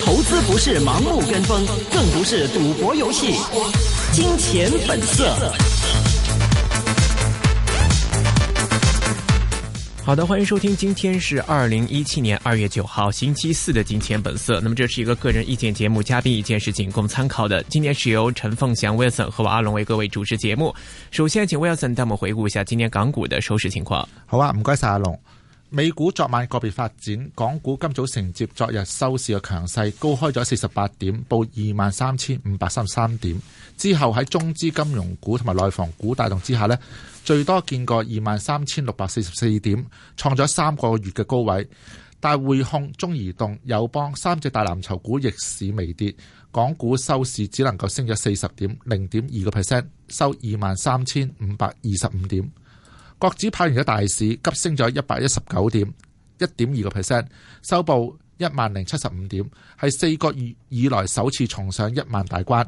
投資不是盲目跟風，更不是賭博遊戲。金錢本色。好的，歡迎收聽，今天是二零一七年二月九號星期四的金錢本色。那麼這是一個個人意見節目，嘉賓意見是僅供參考的。今天是由陳鳳翔、Wilson 和我阿龍為各位主持節目。首先，請 Wilson 帶我們回顧一下今天港股的收市情況。好啊，唔該晒，阿龍。美股昨晚個別發展，港股今早承接昨日收市嘅強勢，高開咗四十八點，報二萬三千五百三十三點。之後喺中資金融股同埋內房股帶動之下呢，最多見過二萬三千六百四十四點，創咗三個月嘅高位。但係匯控、中移動、友邦三隻大藍籌股逆市微跌，港股收市只能夠升咗四十點，零點二個 percent，收二萬三千五百二十五點。國指跑贏咗大市，急升咗一百一十九點，一點二個 percent，收報一萬零七十五點，係四個月以來首次重上一萬大關。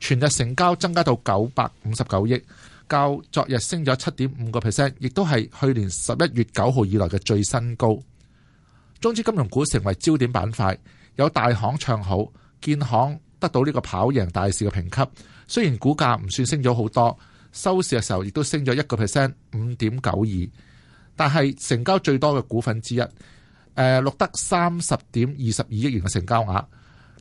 全日成交增加到九百五十九億，較昨日升咗七點五個 percent，亦都係去年十一月九號以來嘅最新高。中資金融股成為焦點板塊，有大行唱好，建行得到呢個跑贏大市嘅評級，雖然股價唔算升咗好多。收市嘅時候，亦都升咗一個 percent，五點九二。但係成交最多嘅股份之一，誒、呃、錄得三十點二十二億元嘅成交額。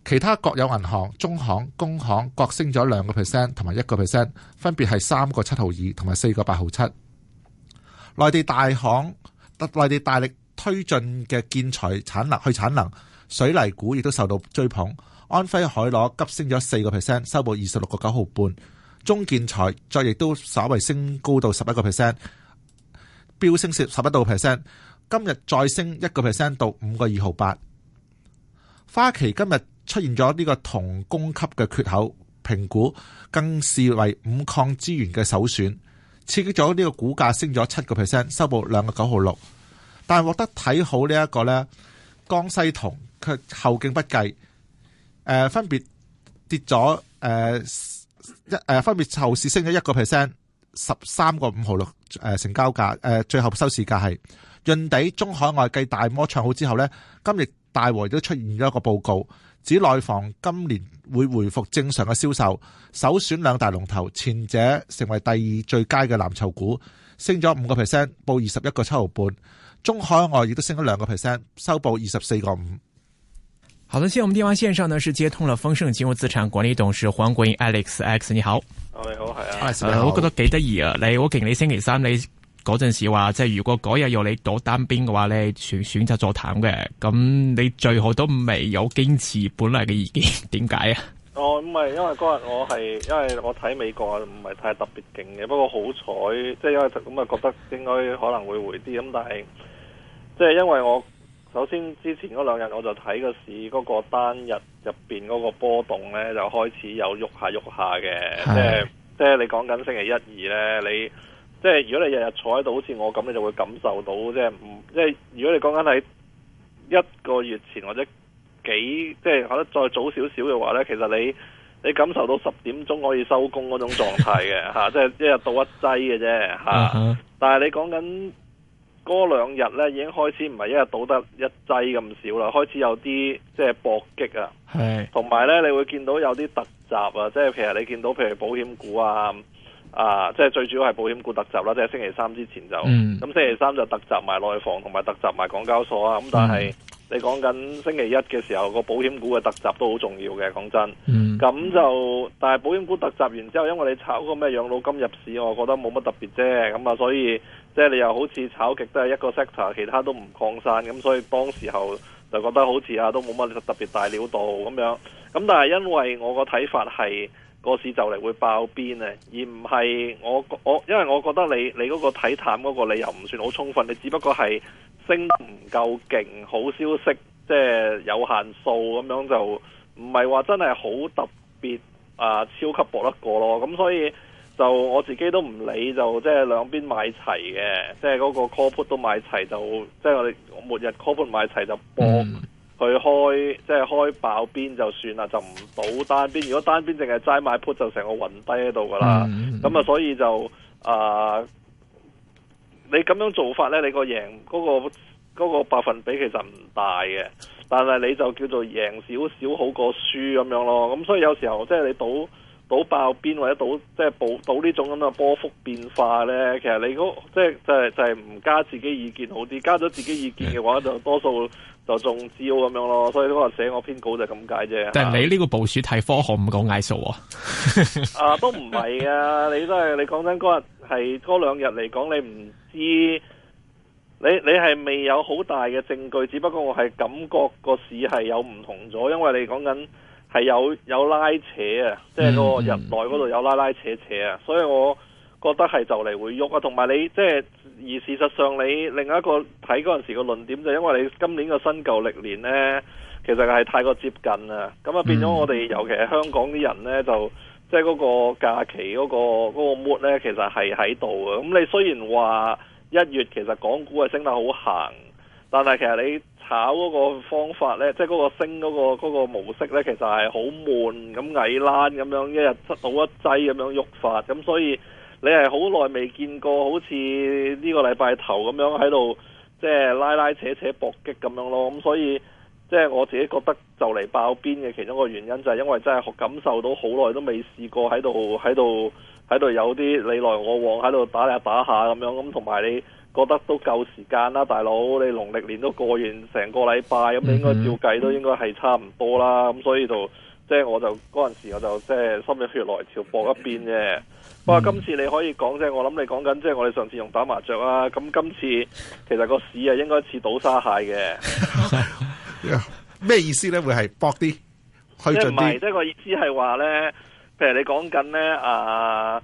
其他國有銀行、中行、工行各升咗兩個 percent 同埋一個 percent，分別係三個七毫二同埋四個八毫七。內地大行，內地大力推進嘅建材產能去產能，水泥股亦都受到追捧。安徽海螺急升咗四個 percent，收報二十六個九毫半。中建材再亦都稍為升高到十一個 percent，飆升十一個 percent。今日再升一個 percent 到五個二毫八。花旗今日出現咗呢個銅供給嘅缺口，評估更視為五礦資源嘅首選，刺激咗呢個股價升咗七個 percent，收報兩個九毫六。但係獲得睇好呢一個呢江西銅卻後勁不計，呃、分別跌咗誒。呃一誒，分別後市升咗一個 percent，十三個五毫六誒，成交價誒，最後收市價係。潤地、中海外繼大摩唱好之後呢，今日大和亦都出現咗一個報告，指內房今年會回復正常嘅銷售。首選兩大龍頭，前者成為第二最佳嘅藍籌股，升咗五個 percent，報二十一個七毫半。中海外亦都升咗兩個 percent，收報二十四個五。好多謝我們電話線上呢是接通了豐盛金融資產管理董事黃國英 Alex，Alex Alex，你好。誒，我係啊、呃。我覺得幾得意啊，嚟我你星期三。你嗰陣時話，即係如果嗰日要你賭單邊嘅話咧，選選擇做淡嘅，咁你最後都未有堅持本來嘅意見，點解啊？哦，唔係因為嗰日我係，因為我睇美國唔係太特別勁嘅，不過好彩，即係因為咁啊，覺得應該可能會回啲咁，但係即係因為我。首先之前嗰兩日我就睇個市，嗰個單日入邊嗰個波動咧就開始有喐下喐下嘅的，即係即係你講緊星期一二咧，你即係如果你日日坐喺度，好似我咁，你就會感受到即係，唔，即係如果你講緊喺一個月前或者幾，即係可能再早少少嘅話咧，其實你你感受到十點鐘可以收工嗰種狀態嘅吓， 即係一日到一劑嘅啫吓， 但係你講緊。嗰兩日咧，已經開始唔係一日倒得一劑咁少啦，開始有啲即係搏擊啊，係是，同埋咧，你會見到有啲特集啊，即係其實你見到譬如保險股啊，啊，即係最主要係保險股特集啦，即係星期三之前就，咁、嗯、星期三就特集埋內房同埋特集埋港交所啊，咁但係、嗯、你講緊星期一嘅時候個保險股嘅特集都好重要嘅，講真，咁、嗯、就但係保險股特集完之後，因為你炒個咩養老金入市，我覺得冇乜特別啫，咁啊，所以。所以所以所以所以即係你又好似炒極都係一個 sector，其他都唔擴散咁，所以當時候就覺得好似啊都冇乜特別大料到咁樣。咁但係因為我個睇法係個市就嚟會爆邊咧，而唔係我，我因為我覺得你你嗰個睇淡嗰個理由唔算好充分，你只不過係升唔夠勁，好消息即係有限數咁樣，就唔係話真係好特別啊超級搏得過咯，咁所以。就我自己都唔理，就即係兩邊買齊嘅，即係嗰個 call put 都買齊，就即係我哋末日 call put 買齊就幫佢、嗯、開，即係開爆邊就算啦，就唔賭單邊。如果單邊淨係齋買 put，就成個暈低喺度噶啦。咁啊、嗯，嗯、所以就啊、呃，你咁樣做法咧，你個贏嗰、嗰個嗰個百分比其實唔大嘅，但係你就叫做贏少少好過輸咁樣咯。咁所以有時候即係你賭。賭爆邊或者賭即係保賭呢種咁嘅波幅變化呢？其實你嗰即係就係即係唔加自己意見好啲，加咗自己意見嘅話就多數就中招咁樣咯。所以可能寫我篇稿就咁解啫。但係你呢個部署太科學唔講藝術啊？啊，都唔係啊！你都係你講真嗰日係嗰兩日嚟講，你唔知你你係未有好大嘅證據，只不過我係感覺個市係有唔同咗，因為你講緊。係有有拉扯啊，即係嗰個入內嗰度有拉拉扯扯啊，嗯、所以我覺得係就嚟會喐啊，同埋你即係而事實上你另一個睇嗰陣時個論點就因為你今年個新舊曆年呢，其實係太過接近啊，咁啊變咗我哋、嗯、尤其係香港啲人呢，就即係嗰個假期嗰、嗰個、嗰個、mood 呢，其實係喺度啊，咁你雖然話一月其實港股係升得好行，但係其實你。考嗰個方法呢，即係嗰個升嗰個嗰個模式呢，其實係好悶咁矮欄咁樣，一日執到一劑咁樣喐法，咁所以你係好耐未見過，好似呢個禮拜頭咁樣喺度，即係拉拉扯扯搏擊咁樣咯。咁所以即係我自己覺得就嚟爆邊嘅其中一個原因就係因為真係感受到好耐都未試過喺度喺度喺度有啲你來我往喺度打下打下咁樣，咁同埋你。覺得都夠時間啦，大佬，你農曆年都過完成個禮拜，咁你應該照計都應該係差唔多啦。咁所以就即係我就嗰陣時我就即係心血來潮搏一邊嘅。不過今次你可以講即係我諗你講緊即係我哋上次用打麻雀啊，咁今次其實個市啊應該似倒沙蟹嘅。咩意思咧？會係搏啲，去盡啲。即係個意思係話咧，譬如你講緊咧啊。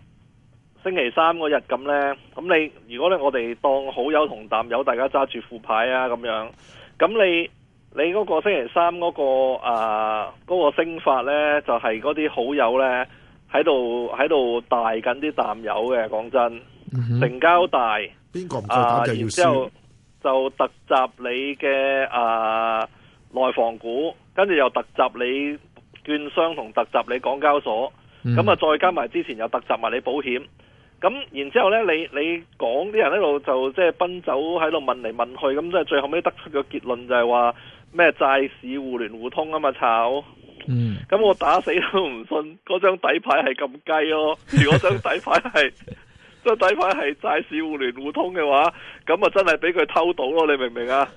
星期三嗰日咁呢，咁你如果咧，我哋當好友同淡友，大家揸住副牌啊咁樣，咁你你嗰個星期三嗰、嗰個啊、呃嗰個、升法呢，就係嗰啲好友呢喺度喺度大緊啲淡友嘅，講真，成交、嗯、哼大，啊、然之後就特集你嘅啊內房股，跟住又特集你券商同特集你港交所，咁啊、嗯、哼再加埋之前又特集埋你保險。咁然之後呢，你你講啲人喺度就即係、就是、奔走喺度問嚟問去，咁即係最後尾得出個結論就係話咩債市互聯互通啊嘛炒，咁、嗯、我打死都唔信嗰張底牌係咁雞咯，如果張底牌係。 即底牌翻係債市互聯互通嘅話，咁啊真係俾佢偷到咯！你明唔明啊？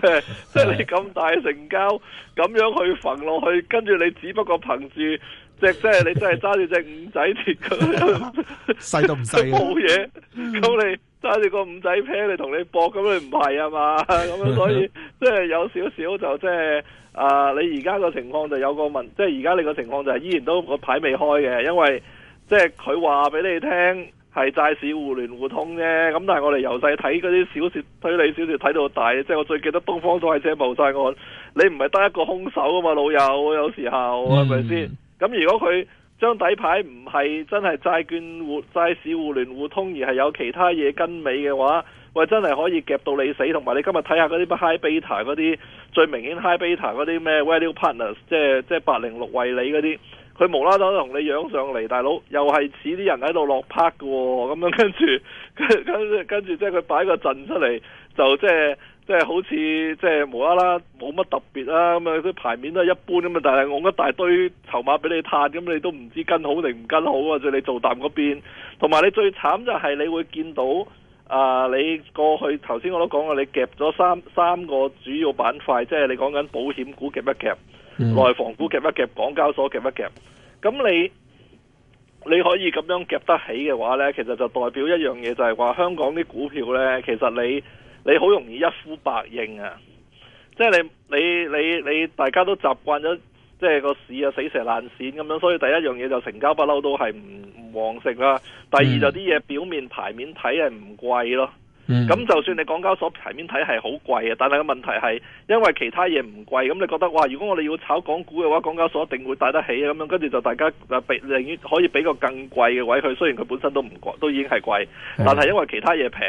即係即係你咁大成交，咁樣去揈落去，跟住你只不過憑住即係即係你真係揸住隻五仔鐵咁，樣 細都唔細冇嘢，咁你揸住個五仔 pair，你同你搏，咁你唔係啊嘛？咁 樣所以即係、就是、有少少就即係啊！你而家個情況就有個問，即係而家你個情況就係依然都個牌未開嘅，因為即係佢話俾你聽。係債市互聯互通啫，咁但係我哋由細睇嗰啲小說推理小說睇到大，即係我最記得東方快車謀殺案。你唔係得一個凶手噶嘛，老友，有時候係咪先？咁、嗯、如果佢張底牌唔係真係債券互債市互聯互通，而係有其他嘢跟尾嘅話，喂，真係可以夾到你死。同埋你今日睇下嗰啲 high beta 嗰啲，最明顯 high beta 嗰啲咩 Value partners，即係即係八零六惠理嗰啲。佢無啦啦同你樣上嚟，大佬又係似啲人喺度落拍嘅喎，咁樣跟住跟跟跟住即係佢擺個陣出嚟，就即係即係好似即係無啦啦冇乜特別啦、啊。咁樣啲牌面都一般咁嘛。但係攞一大堆籌碼俾你嘆，咁你都唔知跟好定唔跟好啊！即係你做淡嗰邊，同埋你最慘就係你會見到啊、呃！你過去頭先我都講過，你夾咗三三個主要板塊，即係你講緊保險股夾一夾，內房股夾一夾，港交所夾一夾，咁你你可以咁樣夾得起嘅話呢，其實就代表一樣嘢，就係話香港啲股票呢，其實你你好容易一呼百應啊！即係你你你你，你你你大家都習慣咗，即係個市啊死蛇爛鱔咁樣，所以第一樣嘢就成交不嬲都係唔唔旺盛啦。第二就啲嘢表面牌面睇係唔貴咯。咁、嗯、就算你港交所前面睇係好貴啊，但係個問題係因為其他嘢唔貴，咁你覺得哇，如果我哋要炒港股嘅話，港交所一定會帶得起咁樣，跟住就大家啊俾，寧願可以俾個更貴嘅位佢，雖然佢本身都唔貴，都已經係貴，嗯、但係因為其他嘢平，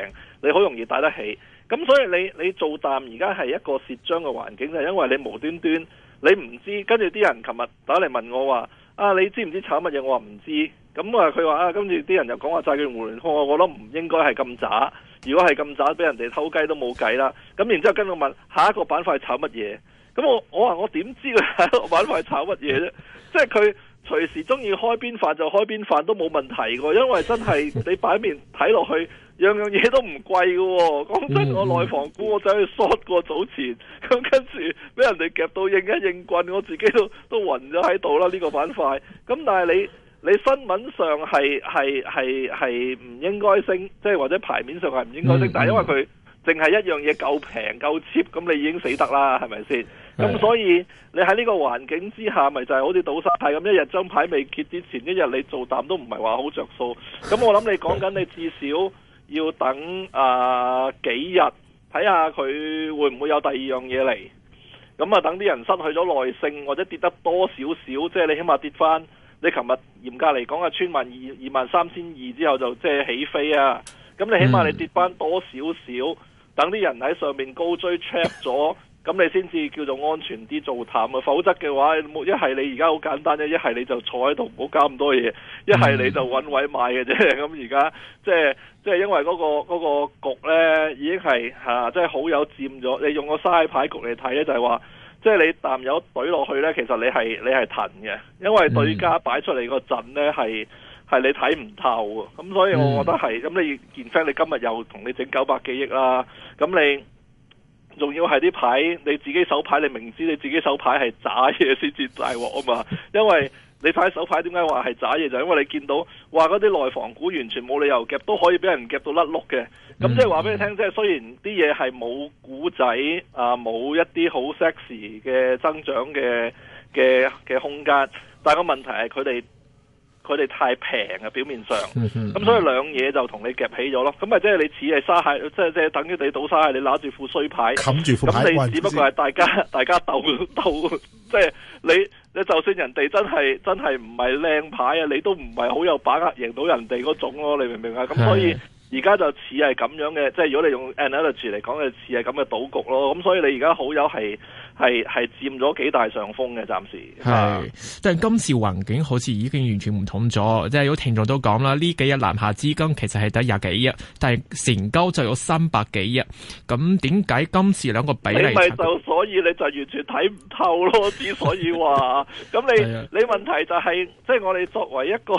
你好容易帶得起。咁所以你你做淡而家係一個蝕章嘅環境，就係、是、因為你無端端你唔知，跟住啲人琴日打嚟問我話啊，你知唔知炒乜嘢？我話唔知。咁、嗯、啊！佢話啊，跟住啲人又講話債券互聯通，我覺得唔應該係咁渣。如果係咁渣，俾人哋偷雞都冇計啦。咁然之後跟住問下一個板塊炒乜嘢？咁、嗯、我我話我點知佢下一個板塊炒乜嘢咧？即係佢隨時中意開邊飯就開邊飯都冇問題嘅，因為真係你擺面睇落去，樣樣嘢都唔貴嘅。講真，我內房股我仔去 short 過早前，咁跟住俾人哋夾到應一應棍，我自己都都暈咗喺度啦。呢、這個板塊咁，但係你。你新聞上係係係係唔應該升，即係或者牌面上係唔應該升，嗯嗯、但係因為佢淨係一樣嘢夠平夠 cheap，咁你已經死得啦，係咪先？咁的所以你喺呢個環境之下，咪就係、是、好似賭失牌賭沙蟹咁，一日張牌未揭之前，一日你做淡都唔係話好着數。咁 我諗你講緊你至少要等啊、呃、幾日，睇下佢會唔會有第二樣嘢嚟。咁啊，等啲人失去咗耐性，或者跌得多少少，即係你起碼跌翻。你琴日嚴格嚟講，阿村民二二萬三千二之後就即係起飛啊！咁你起碼你跌翻多少少，等啲人喺上面高追 check 咗，咁你先至叫做安全啲做淡啊！否則嘅話，冇一係你而家好簡單啫，一係你就坐喺度唔好搞咁多嘢，一係你就揾位買嘅啫。咁而家即係即係因為嗰、嗰個嗰個局咧，已經係嚇，即係好有佔咗。你用個沙蟹牌局嚟睇咧，就係話。即係你啖有懟落去呢，其實你係你係騰嘅，因為對家擺出嚟個陣呢，係係你睇唔透咁、嗯、所以我覺得係。咁你然之你今日又同你整九百幾億啦，咁你仲要係啲牌，你自己手牌你明知你自己手牌係渣嘢先至大鑊啊嘛，因為。 你睇手牌，點解話係渣嘢？就因為你見到話嗰啲內房股完全冇理由夾，都可以俾人夾到甩碌嘅。咁即係話俾你聽，即係雖然啲嘢係冇股仔啊，冇一啲好 sexy 嘅增長嘅嘅嘅空間，但個問題係佢哋。佢哋太平啊，表面上，咁 所以兩嘢就同你夾起咗咯。咁咪即係你似係沙蟹，即係即係等於你賭沙蟹，你攬住副衰牌，冚住副牌，咁你只不過係大家 大家鬥鬥，即係你你就算人哋真係真係唔係靚牌啊，你都唔係好有把握贏到人哋嗰種咯，你明唔明啊？咁所以而家就似係咁樣嘅， 即係如果你用 analogy 嚟講就似係咁嘅賭局咯。咁所以你而家好友係。係係佔咗幾大上風嘅，暫時係。但今次環境好似已經完全唔同咗，即係有聽眾都講啦，呢幾日南下資金其實係得廿幾億，但係成交就有三百幾億。咁點解今次兩個比例你、就係？你咪就所以你就完全睇唔透咯。 之所以話咁，你 是的 你問題就係即係我哋作為一個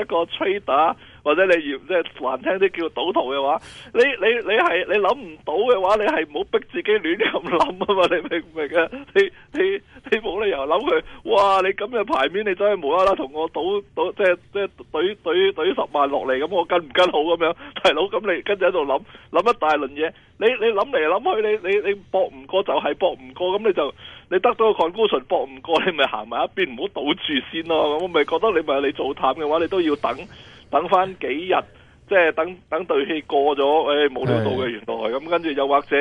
一個 trader，或者你要即係難聽啲叫賭徒嘅話，你你你係你諗唔到嘅話，你係唔好逼自己亂咁諗啊嘛？你明唔明啊？你你你冇理由諗佢，哇！你咁嘅牌面你真係無啦啦同我賭賭即係即係懟懟懟十萬落嚟，咁我跟唔跟好咁樣？大佬咁你跟住喺度諗諗一大輪嘢，你你諗嚟諗去，你你你搏唔過就係搏唔過，咁你就你得到個 conclusion，搏唔過你咪行埋一邊，唔好賭住先咯。咁我咪覺得你咪你做淡嘅話，你都要等。等翻幾日，即係等等對氣過咗，誒冇料到嘅原來咁，跟住又或者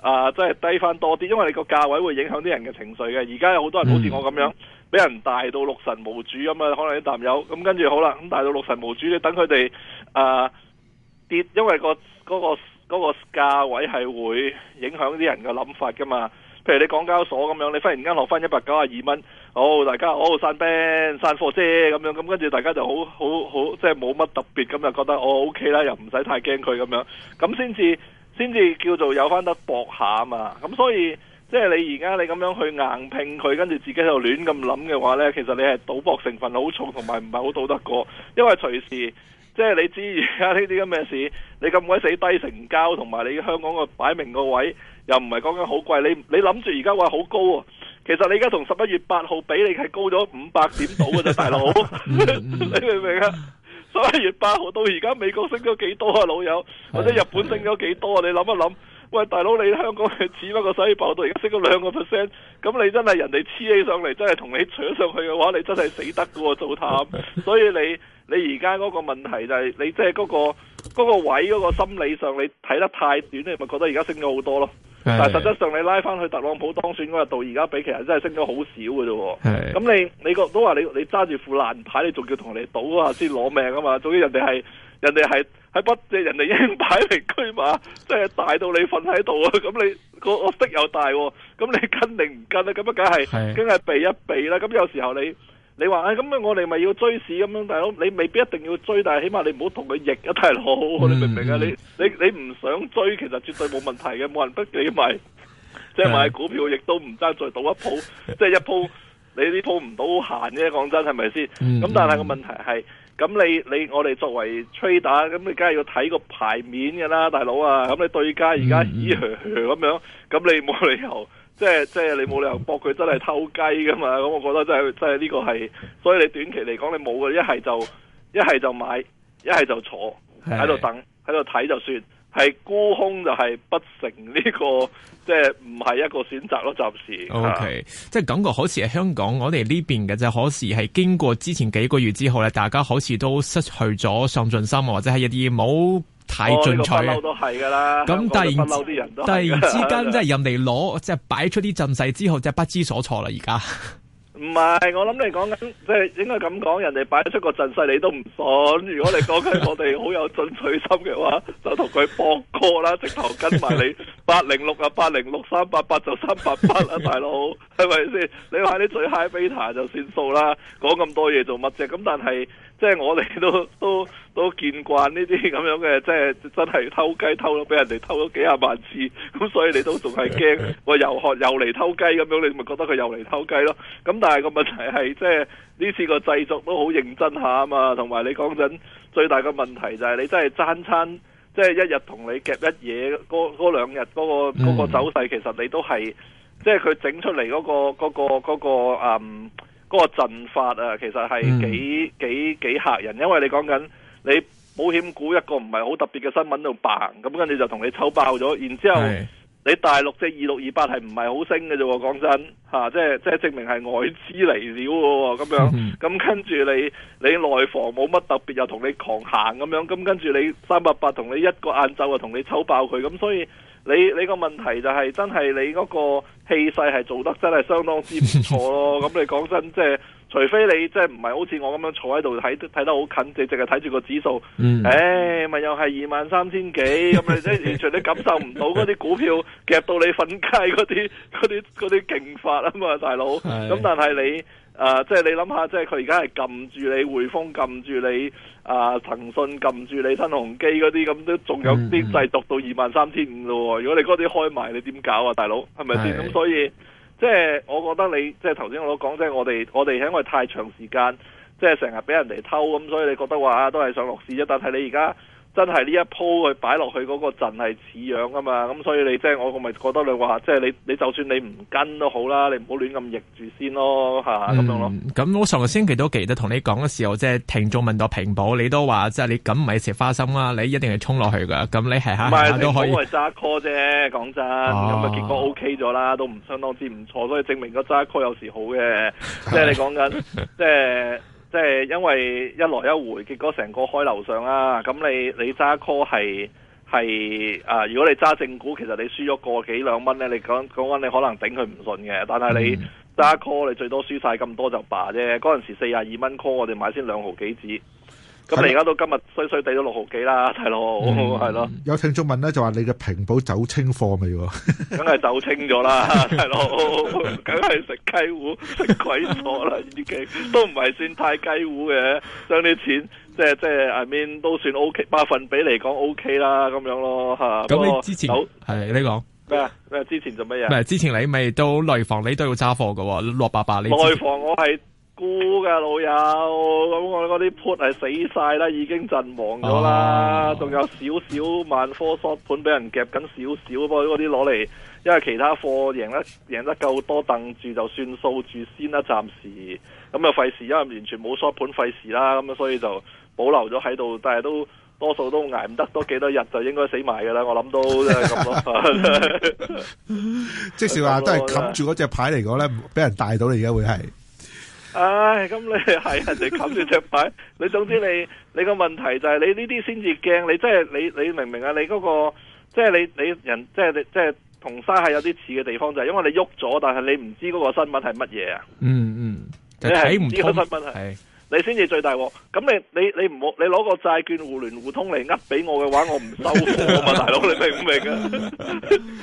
啊，即、呃、係、就是、低翻多啲，因為你個價位會影響啲人嘅情緒嘅。而家有好多人好似我咁樣，俾、嗯、人大到六神無主咁啊，可能啲淡友咁，跟、嗯、住好啦，咁大到六神無主，你等佢哋啊跌，因為、嗰個、嗰個、嗰個嗰個價位係會影響啲人嘅諗法㗎嘛。譬如你港交所咁樣，你忽然間落翻一百九十二蚊，哦，大家哦，散兵散貨啫咁樣，咁跟住大家就好好好即係冇乜特別咁，就覺得哦 O K 啦，又唔使太驚佢咁樣，咁先至先至叫做有翻得搏下啊嘛。咁所以即係你而家你咁樣去硬拼佢，跟住自己喺度亂咁諗嘅話呢，其實你係賭博成分好重，同埋唔係好賭得過。因為隨時即係你知而家呢啲咁嘅事，你咁鬼死低成交，同埋你香港個擺明個位。又唔係講緊好貴，你你諗住而家話好高啊，哦？其實你而家同十一月八號比你，你係高咗五百點到嘅啫，大佬，你明唔明啊？十一月八號到而家，美國升咗幾多啊，老友？或者日本升咗幾多啊？你諗一諗。 喂，大佬，你香港係只不過十一八號到而家升咗兩個 percent，咁你真係人哋黐起上嚟，真係同你扯上去嘅話，你真係死得嘅喎，做淡。所以你你而家嗰個問題就係、是、你即係嗰個、那個位嗰、那個心理上，你睇得太短你咪覺得而家升咗好多咯？但係實質上你拉翻去特朗普當選嗰日到而家，比其實真係升咗好少嘅啫。咁的你你個都話你你揸住副爛牌，你仲要同人哋賭下先攞命啊嘛？總之人哋係人哋係喺北，即人哋已經擺明車馬，即係大到你瞓喺度啊！咁你個個息又大，咁你跟定唔跟咧？咁啊，梗係梗係避一避啦。咁有時候你。你話誒，咁、哎、啊，樣我哋咪要追市咁樣，大佬，你未必一定要追，但係起碼你唔好同佢逆啊，大佬，你明唔明啊？你你你唔想追，其實絕對冇問題嘅，冇人逼你咪，即、就、係、是、買股票亦 都唔爭再賭一鋪，即、就、係、是、一鋪你呢鋪唔到閒啫，講真係咪先？咁、嗯嗯、但係個問題係，咁你你我哋作為 trade、er，咁你梗係要睇個牌面噶啦，大佬啊，咁你對家而家嘘嘘咁樣，咁你冇理由。即係即係你冇理由搏佢真係偷雞㗎嘛，咁我覺得真係真係呢個係，所以你短期嚟講你冇嘅，一係就一係就買，一係就坐喺度等喺度睇就算，係沽空就係不成呢個即係唔係一個選擇咯。暫時 OK，吧即係感覺好似喺香港我哋呢邊嘅就可是係經過之前幾個月之後咧，大家好似都失去咗上進心或者係一啲冇。太進取啦！咁、嗯、但係 之間人，但係之間即係人哋攞即係擺出啲陣勢之後，即、就、係、是、不知所措啦！而家唔係我諗你講緊，即、就、係、是、應該咁講，人哋擺出個陣勢你都唔信。如果你講緊我哋好有進取心嘅話， 就同佢搏過啦，直頭跟埋你八零六啊，八零六三八八就三八八啦， 大佬係咪先？你話啲最 high beta 就算數啦，講咁多嘢做乜啫？咁但係。即係我哋都都都見慣呢啲咁樣嘅，即係真係偷雞偷咗，俾人哋偷咗幾十萬次，咁、嗯、所以你都仲係驚，話、呃、又學又嚟偷雞咁樣，你咪覺得佢又嚟偷雞咯。咁、嗯、但係個問題係，即係呢次個製作都好認真下啊嘛。同埋你講緊最大嘅問題就係、是、你真係爭餐，即係一日同你夾一嘢，嗰嗰兩日嗰、嗰個嗰、嗰個嗰個走勢，其實你都係即係佢整出嚟嗰、嗰個嗰、嗰個、嗰個嗯。嗰個陣法啊，其實係幾、嗯、幾幾，幾嚇人，因為你講緊你保險股一個唔係好特別嘅新聞度爆，咁跟住就同你抽爆咗，然後然後之後。你大陸即係二六二八係唔係好升嘅啫喎？講真吓，即係即係證明係外資嚟料喎，咁樣咁跟住你你內房冇乜特別又同你狂行咁樣，咁跟住你三八八同你一個晏晝啊同你抽爆佢，咁所以你你個問題就係、是、真係你嗰個氣勢係做得真係相當之唔錯咯。咁 你講真即係。除非你即係唔係好似我咁樣坐喺度睇，睇得好近，你淨係睇住個指數，誒，咪又係二萬三千幾咁，你即係完全你感受唔到嗰啲股票夾到你瞓街嗰啲嗰啲嗰啲勁法啊嘛，大佬。咁是但係你誒、呃，即係你諗下，即係佢而家係撳住你，匯豐撳住你，誒、呃，騰訊撳住你，新鴻基嗰啲咁都仲有啲滯毒到二萬三千五咯。嗯、如果你嗰啲開埋，你點搞啊，大佬？係咪先咁？所以。所以即係，我覺得你即係頭先我都講，即係我哋我哋因為太長時間，即係成日畀人哋偷咁，所以你覺得話都係想落市啫。但係你而家。真係呢一鋪佢擺落去嗰個陣係似樣㗎嘛，咁所以你即係、就是、我咪覺得你話即係你你就算你唔跟都好啦，你唔好亂咁逆住先咯，嚇咁樣咯。咁、嗯、我上個星期都記得同你講嘅時候，即係聽眾問到平保，你都話即係你咁唔係食花生啦、啊，你一定係衝落去㗎。咁你係嚇都可以。唔係你冇係揸 call 啫，講真咁咪結果 OK 咗啦，都唔相當之唔錯，所以證明個揸 call 有時好嘅。即、就、係、是、你講緊即係。 即係因為一來一回，結果成個開樓上啦、啊。咁你你揸 call 係係啊！如果你揸正股，其實你輸咗個幾兩蚊咧，你講講緊你可能頂佢唔順嘅。但係你揸 call，你最多輸晒咁多就罷啫。嗰陣時四廿二蚊 call，我哋買先兩毫幾紙。咁你而家都今日衰衰地都六毫幾啦，大佬，係咯？有聽眾問咧，就話你嘅平保走清貨未、啊？梗 係走清咗啦，大 佬， 梗係食雞糊，食鬼咗啦，呢啲都唔係算太雞糊嘅，將啲錢即係即係 I mean 都算 O、OK, K，百分比嚟講 O K 啦，咁樣咯。吓，咁你之前係我你講咩啊？咩之前做乜嘢？咪之前你咪到內房你都要揸貨噶，落八伯你？內房我係。沽嘅老友，咁我嗰啲 put 係死晒啦，已經陣亡咗啦，仲、啊啊、有少少萬科 short 盤俾人夾緊少少，不過嗰啲攞嚟，因為其他貨贏得贏得夠多，等住就算數住先啦，暫時。咁啊費事，因為完全冇 short 盤，費事啦。咁啊，所以就保留咗喺度，但係都多數都挨唔得，多幾多日就應該死埋噶啦。我諗都 即係咁咯。即係話都係冚住嗰隻牌嚟講咧，俾人帶到你而家會係。唉，咁、哎、你係人哋冚住隻著著牌，你總之你你個問題就係你呢啲先至驚，你即係你你明唔明啊？你嗰、嗰個即係你你人即係即係同沙蟹有啲似嘅地方就係，因為你喐咗，但係你唔知嗰個新聞係乜嘢啊？嗯嗯，嗯你係唔知嗰個新聞係。你先至最大鑊，咁你你你唔好你攞個債券互聯互通嚟，呃俾我嘅話，我唔收貨啊，大佬，你明唔明啊？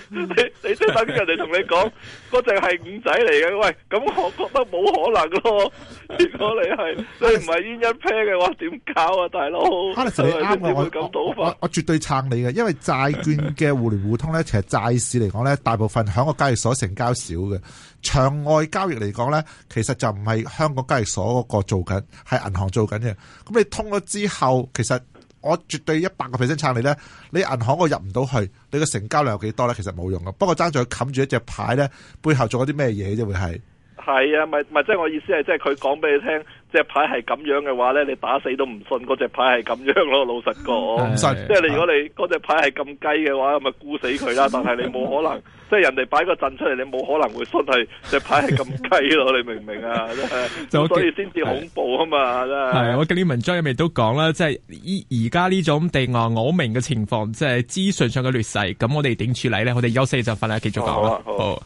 你你即係等人哋同你講嗰隻係五仔嚟嘅，喂，咁我覺得冇可能咯。如果你係你唔係煙一 pair 嘅話，點搞啊，大佬？Alex，你啱啊，我我絕對撐你嘅，因為債券嘅互聯互通咧，其實債市嚟講咧，大部分喺個交易所成交少嘅，場外交易嚟講咧，其實就唔係香港交易所嗰個做緊。係銀行做緊嘅，咁你通咗之後，其實我絕對一百個 percent 撐你咧。你銀行我入唔到去，你個成交量有幾多咧？其實冇用噶。不過爭在佢冚住一隻牌咧，背後做咗啲咩嘢啫？會係。係啊，咪咪即係我意思係，即係佢講俾你聽隻牌係咁樣嘅話咧，你打死都唔信嗰隻牌係咁樣咯。老實講，唔信是。即係你如果你嗰隻，啊、牌係咁雞嘅話，咪估死佢啦。但係你冇可能， 即係人哋擺個陣出嚟，你冇可能會信係隻 牌係咁雞咯。你明唔明啊？就所以先至恐怖啊嘛。係我今朝文章入面都講啦，即係依而家呢種地外，就是，我明嘅情況，即係資訊上嘅劣勢。咁我哋點處理咧？我哋休息就翻嚟繼續講啦，啊。好。好